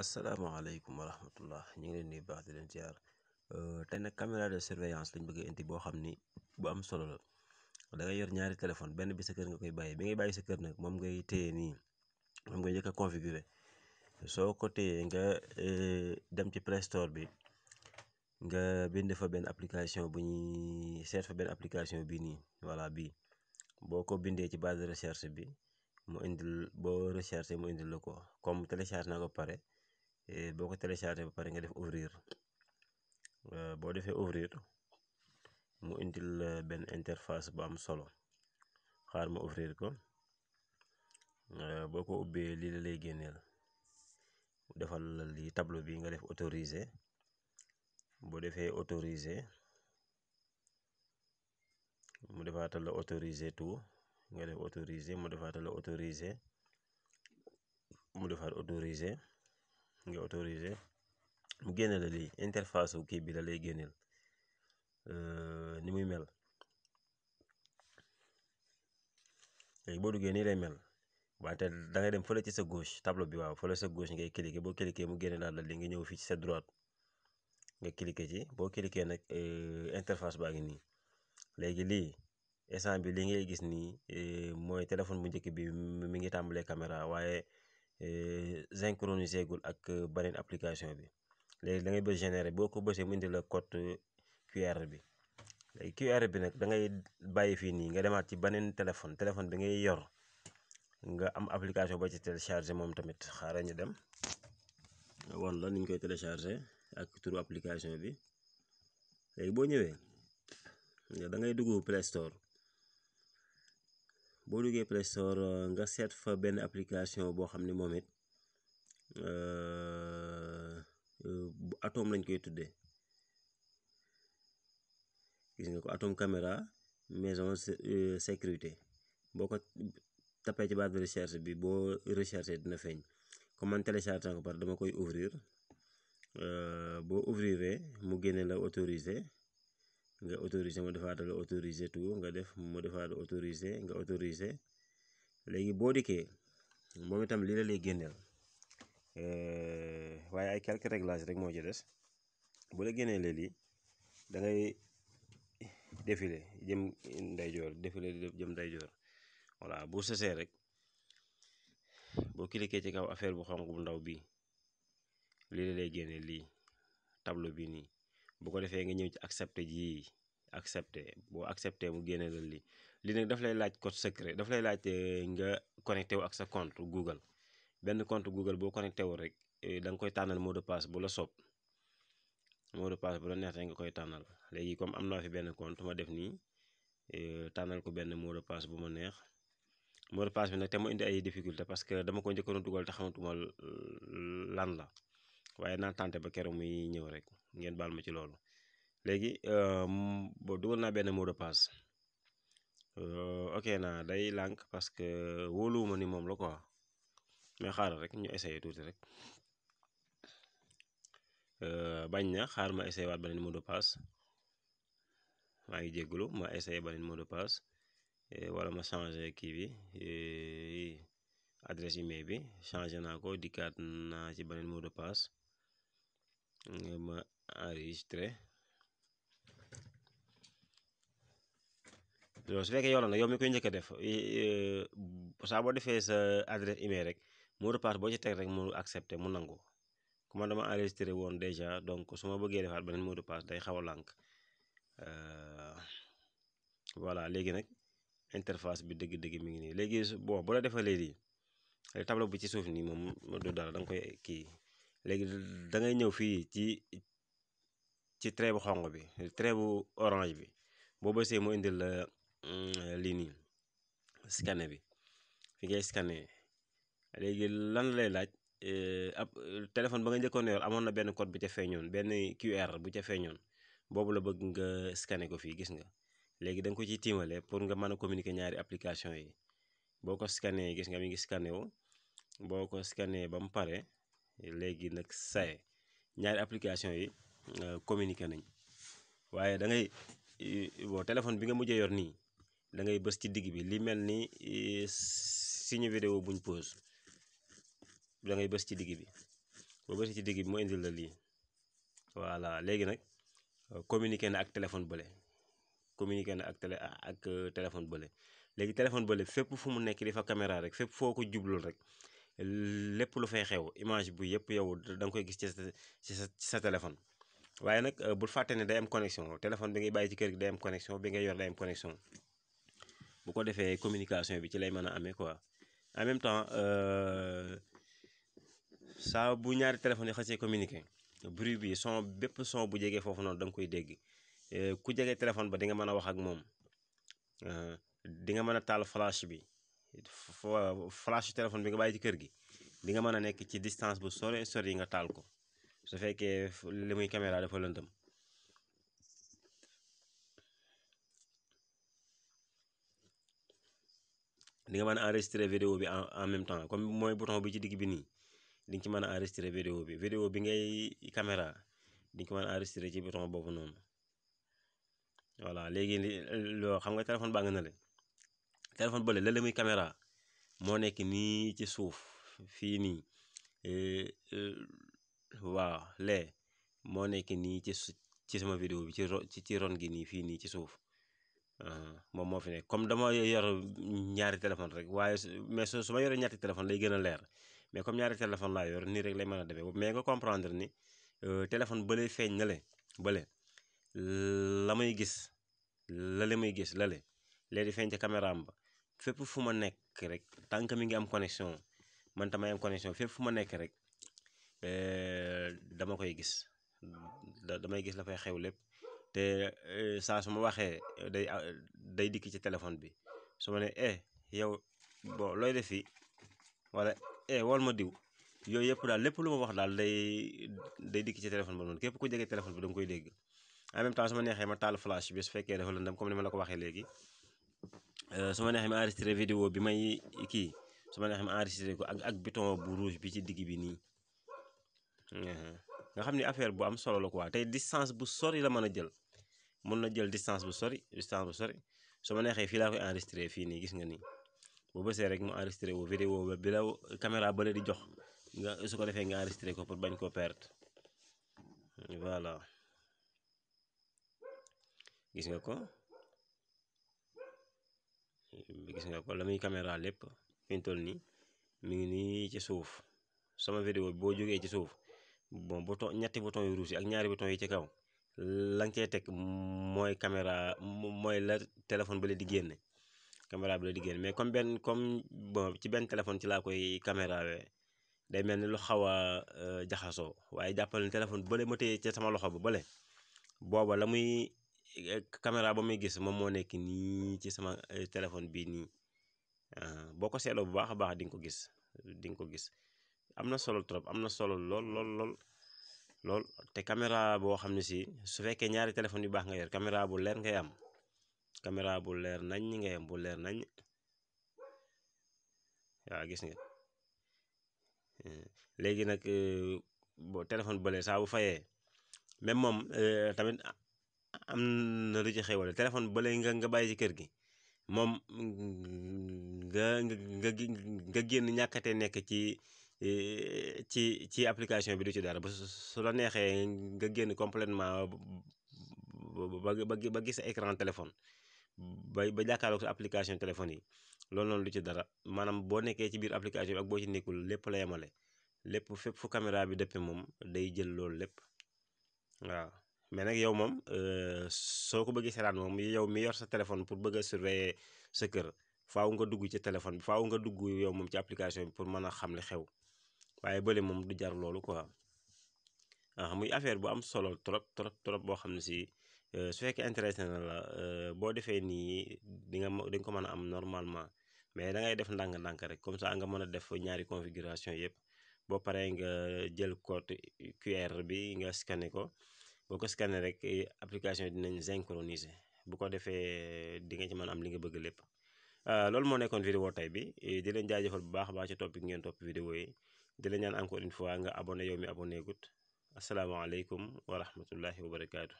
asalaamaaleykum wa rahmatullah ñu ngi leen nii baax di leen ziar te nag caméra de surveillance lañ bëgg a indi boo xam ni bu am solo la da yor ñaari téléphone benn bi sa kër nga koy bàyyi bi ngay bàyyi sa kër nag moom ngay téye nii moom ngay njëkk a configuré soo ko nga dem ci Play bi nga bind fa benn application bu ñuy seet fa benn application bii nii voilà bii boo ko bindee ci base de recherche bi mu indil boo recherché mu indil la ko comme télécharge naa ko pare. Eh, boo ko téléchargé ba pare nga def ouvrir eh, boo defee ouvrir mu indil benn interface bu am solo xaar ma ouvrir ko eh, boo ko ubbee lii la lay génneel defal lii tableau bi nga def autorisé boo defee autorisé mu defaatal la autorisé tout nga def autorisé mu defaatal la autorisé mu defaat autorisé nga autorisé mu génne la lii interface wu kii bi la lay génneel euh, ni muy mel léegi boo duggee nii lay mel wante da ngay dem ci sa gauche table bi waaw fële sa gauche ngay cliquer bo cliquer mu génne daal la li ñëw fii ci sa droite nga cliquer ci boo cliquer nag euh, interface baa ngi nii léegi lii instant bi li ngay gis nii euh, mooy téléphone bu njëkk bi mi ngi tàmbalee caméra waaye. Euh, synchronisé gul ak euh, beneen application bi léegi da ngay bës généré boo ko bësee mu indi la code euh, QR bi léegi QR bi nag da ngay bàyyi fii nii nga demaat ci beneen téléphone téléphone bi ngay yor nga am application ba ci téléchargé moom tamit xaaral ñu dem won la ni koy téléchargé ak turu application bi léegi boo ñëwee da ngay dugg Play Store boo duggee Play Store euh, nga seet fa benn application boo xam ne moom it euh, bu Atom lañ koy tuddee gis nga ko Atom caméra maison euh, sécurité boo ko tapee ci barre recherche bi boo recherché dina feeñ comme man téléchargé ko par dama koy ouvrir boo ouvriree mu génne la autorisé. nga autorisé mu defaat la autorisé tout nga def mu defaat la autorisé nga autorisé léegi boo dikkee moom itam lii la lay génneel eh, waaye ay quelques réglages rek moo ci des bu la génnee lii da ngay défilé jëm ndeyjoor défilé jëm ndeyjoor voilà bu sesee rek boo cliqué ci kaw affaire bu xonq bu ndaw bi lii la lay génneel lii tableau bii nii. boo ko defee nga ñëw ci accepté ji accepté boo accepté mu génne la lii lii nag daf lay laaj code secret daf lay laaj euh, nga connecté wu ak sa compte Google benn compte Google boo connecté wu rek euh, danga koy tànnal mot de passe bu la soob mot de passe bu la neexee nga koy tànnal léegi comme am naa fi benn compte ma def nii euh, tànnal ko benn mot de bu ma neex mot de passe bi nag te mu indi ay difficulté parce que dama ko njëkkoon dugal te xamatuma lan la waaye naa ba keroog muy ñëw rek. ngeen baal ma ci loolu léegi euh, dugal naa benn mot de passe euh, ok naa day lank parce que woluwuma ni moom la quoi mais xaaral rek ñu essayé tuuti rek euh, bañ na xaar ma essayé waat beneen mot de passe maa ngi jégalu ma essayé beneen mot de passe wala ma changé kii bi adresse email bi changé naa ko dikkaat naa ci beneen mot de passe enregistré ah, loolu su fekkee yow la nag yow mi koy njëkk a def saa boo defee sa adresse email rek moo de passe boo ci teg rek mu accepté mu nangu comme dama enregistré woon déjà donc suma ma bëggee defaat beneen mot de passe day xaw a lànk euh, voilà léegi nag interface bi dëgg-dëgg mi ngi nii léegi bon bu la defalee lii tableau bu ci suuf nii moom du dara danga koy kii léegi dangay ñëw fii ci ci trait bu xonq bi trait bu orange bi booba bësee mu indil la mm, lii nii scanner bi fi ngay scanner léegi lan lay laaj ab téléphone ba nga njëkkoon yor amoon na benn code bu ca feeñoon benn QR bu ca feeñoon boobu la bëgg nga scanner ko fii gis nga léegi danga nga ko ciy tiimale pour nga mën a communiquer ñaari application yi boo ko scanner gis nga mi ngi scanner boo ko skanee ba mu pare léegi nag saye ñaari application yi Euh, communiqué nañ waaye da ngay euh, boo téléphone bi nga mujjee yor nii da ngay bës ci digg bi lii mel ni euh, signe vidéo buñ pause da ngay bës ci digg bi boo bësee ci digg bi mu indil la lii voilà léegi nag communiqué na ak téléphone bële communiqué na ak télé ak téléphone bële léegi téléphone bële fépp fu mu nekk di fa caméra rek fépp foo ko jublul rek lépp lu fay xew image bu yëpp yow da nga koy gis ci sa ci sa téléphone waaye nag euh, bul fàtte ne day am connexion téléphone bi ngay bàyyi ci kër gi day am connexion bi ngay yor day am connexion bu ko defee communication bi ci lay mën a amee quoi en même temps euh, saa bu ñaari téléphone yi xasee communiqué bruit bi son bépp son bu jegee foofu noonu da nga koy dégg euh, ku jege téléphone ba di nga mën a wax ak moom di nga mën a taal flash bi flash téléphone bi nga bàyyi ci kër gi di nga mën a nekk ci distance bu sore sore yi nga taal ko su fekkee li muy caméra dafa lëndëm di nga mën vidéo bi en en même temps comme mooy bouton bi ci digg bi nii di nga ci mën a enregistrer vidéo bi vidéo bi ngay caméra di nga ko mën a enregistrer ci bouton boobu noonu voilà léegi loo xam nga téléphone baa na le téléphone bële la la muy caméra moo nekk nii ci suuf nii waaw lee moo nekk nii ci su ci sama vidéo bi ci ci ron gi nii fii nii ci suuf moom moo fi nekk comme dama yor ñaari téléphone rek waaye mais su ma yoree ñetti téléphone lay gën leer mais comme ñaari téléphone laa yor nii rek lay mën a demee mais nga comprendre ni euh, téléphone bële feeñ na le bële may gis la le may gis la lee di feeñ ca caméraam ba fépp fu ma nekk rek tant que mi ngi am connexion man tamay am connexion fépp fu ma nekk rek euh, dama koy gis damay gis la fay xew lépp te eh, saa su ma waxee day ah, day dikk ci téléphone bi su ma ne eh yow bon looy def fii wala eh wol ma diw yooyu yëpp daal lépp lu ma wax daal day day dikk ci téléphone ba noonu képp ku jege téléphone bi da nga koy dégg en même temps su ma neexee ma taal flash bi su fekkee dafa lëndam comme ni ma la ko waxee léegi eh, su ma neexee ma enregistré bi may kii su ma neexee ma ko ak ak bu rouge bi ci digg bi nii nga xam ni affaire bu am solo la quoi tey distance bu sori la mën a jël mun na jël distance bu sori distance bu sori su ma neexee fii laa koy enregistré fii nii gis nga nii bu bësee rek mu enregistré wu vidéo bi la caméra ba la di jox su ko defee nga ko pour bañ koo perte gis nga ko gis nga ko la muy caméra lépp fi nii mi ngi nii ci suuf sama vidéo boo jógee ci suuf bon bouton ñetti boutons yu rouge ak ñaari boutons yi ci kaw la nga teg mooy caméra mooy la téléphone ba la di génne caméra bi di génne mais comme benn comme bon ci benn téléphone ci laa koy caméra wee day mel ni lu xaw a euh, jaxasoo waaye jàppal téléphone bële ma téye sama loxo ba bële booba la muy euh, caméra ba muy gis moom moo nekk nii ci sama euh, téléphone bii nii ah, boo ko seetloo bu baax a baax di nga ko gis nga ko gis am na solo trop am na solo lool lool lool lool te caméra boo xam ne si su fekkee ñaari téléphone yu baax nga yor caméra bu leer ngay am caméra bu leer nañ ngay am bu leer nañ waaw gis nga eh, léegi nag eh, boo téléphone bële saa bu fayee même moom eh, tamit am na lu ci xewale téléphone bële nga nga bàyyi ci kër gi moom nga nga nga génn ñàkkatee nekk ci. E, ci ci application bi du ci dara ba su la neexee nga génn complètement ba ba ba gis écran téléphone ba ba jàkkaarloog sa application téléphone yi loolu noonu du ci dara maanaam boo nekkee ci biir application bi boo ci nekkul lépp la yemale lépp fépp fu caméra bi dëppee moom day jël loolu lépp waaw mais nag yow moom euh, soo ko bëggee seetaan moom yow mi yor sa téléphone pour bëgg a surveiller sa kër faaw nga dugg ci téléphone bi faaw nga dugg yow moom ci application bi pour mën a xam le xew waaye bale moom du jar loolu quoi ah muy affaire bu am solo trop trop trop boo xam ne si euh, su fekkee intéressé na la euh, boo defee nii di nga di nga ko mën a am normalement mais da ngay def ndànk-ndànk rek comme ça nga mën a def ñaari configuration yëpp boo paree nga jël code QR bi nga scanné ko boo ko scanné rek eh, application dinañ synchroniser bu ko defee eh, di nga ci mën a li nga bëgg lépp ah, loolu moo nekkoon vidéo tey bi eh, di leen jaajëfal bu baax baax ci topp ngeen topp vidéo yi di la ñaan encore une fois nga abonné yow mi abonné gut asalaamaaleykum wa rahmatullahi wa barakaatu.